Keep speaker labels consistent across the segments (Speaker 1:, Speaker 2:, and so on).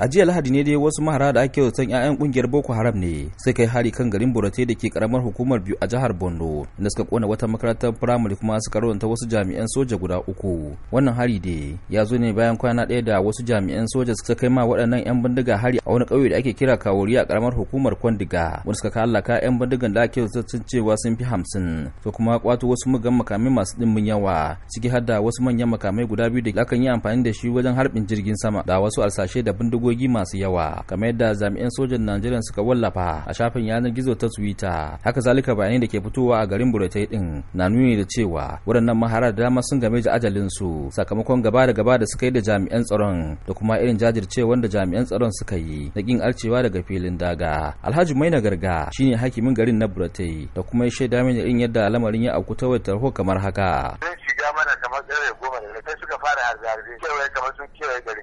Speaker 1: a jiya lahadi ne dai wasu mahara da ake zaton 'ya'yan kungiyar boko haram ne sai kai hari kan garin borate da ke karamar hukumar biyu a jihar borno da suka kona wata makarantar firamare kuma suka raunta wasu jami'an soja guda uku wannan hari da ya zo ne bayan kwana ɗaya da wasu jami'an soja suka kai ma waɗannan 'yan bindiga hari a wani ƙauye da ake kira kawuri a karamar hukumar kwandiga wanda suka halaka 'yan bindigan da ake zaton cewa sun fi hamsin to kuma kwato wasu mugan makamai masu ɗimbin yawa ciki har da wasu manyan makamai guda biyu da akan yi amfani da shi wajen harbin jirgin sama da wasu alsashe da bindigo bindigogi masu yawa kamar yadda jami'an sojan Najeriya suka wallafa a shafin yanar gizo ta Twitter haka zalika bayanai da ke fitowa a garin Buratai din na nuni da cewa waɗannan mahara da dama sun game da ajalin su sakamakon gaba da gaba da suka yi da jami'an tsaron da kuma irin jajircewar da jami'an tsaron suka yi da kin arcewa daga filin daga Alhaji Maina Garga shine hakimin garin na Buratai da kuma ya shaida mini irin yadda lamarin ya auku ta wayar kamar haka sun shiga
Speaker 2: mana kamar goma da suka fara harbe kewaye kamar sun kewaye gari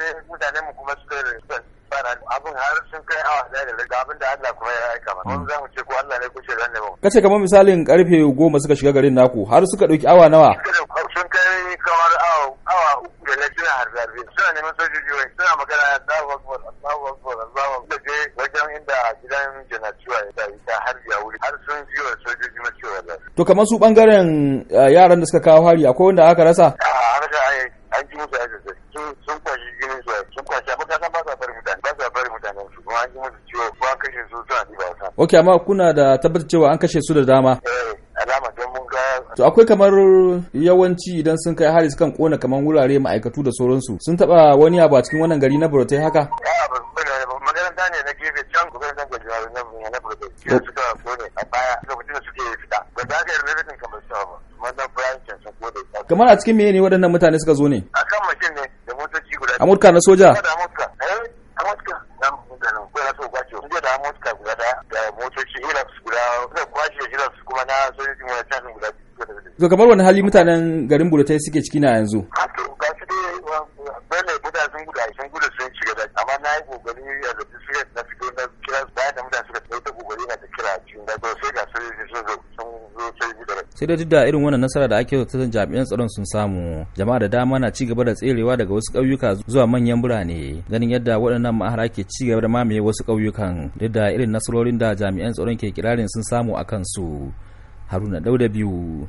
Speaker 2: sai mutanen mu kuma suka fara abin
Speaker 1: har sun kai awa da da riga abin da Allah kuma ya aika mana wani zamu ce ko Allah ne kushe ran ne ba kace kamar misalin karfe 10 suka shiga garin naku har suka dauki awa nawa sun kai kamar awa awa da na har da bi harbe suna neman sojoji wai
Speaker 2: suna magana Allahu akbar Allahu akbar Allahu akbar da wajen inda gidan janatuwa ya da ta har ya wuri har sun ji wa sojoji mace cewa
Speaker 1: to kamar su bangaren eh, yaran da suka kawo hari akwai wanda aka rasa
Speaker 2: a an ji musu musu kuma an yi musu ciwo ko an
Speaker 1: kashe su suna ɗiba wata. ok amma kuna da tabbatar cewa an kashe su da dama. eh alama don mun ga. to akwai kamar yawanci idan sun kai hari sukan kona kamar wurare ma'aikatu da sauransu sun taɓa wani abu a cikin wannan gari na Burtai haka. makaranta
Speaker 2: ne na gefe can makarantar gajiyar na Burtai.
Speaker 1: suka kone a baya lokacin da suke fita. Ba za ka yi rarrafin kamar su ba. Wannan bayan can sun kone. kamar a cikin meye ne waɗannan mutane suka zo ne? a kan mashin ne da motoci guda. amurka na soja? to kamar wani hali mutanen garin burutai suke ciki na yanzu a dai da da sai da duk irin wannan nasara da ake tattalin jami'an tsaron sun samu jama'a da dama na ci gaba da tserewa daga wasu ƙauyuka zuwa manyan birane ganin yadda waɗannan ma'ahara ke ci gaba da mamaye wasu ƙauyukan duk da irin nasarorin da jami'an tsaron ke kirarin sun samu a kansu haruna dauda biyu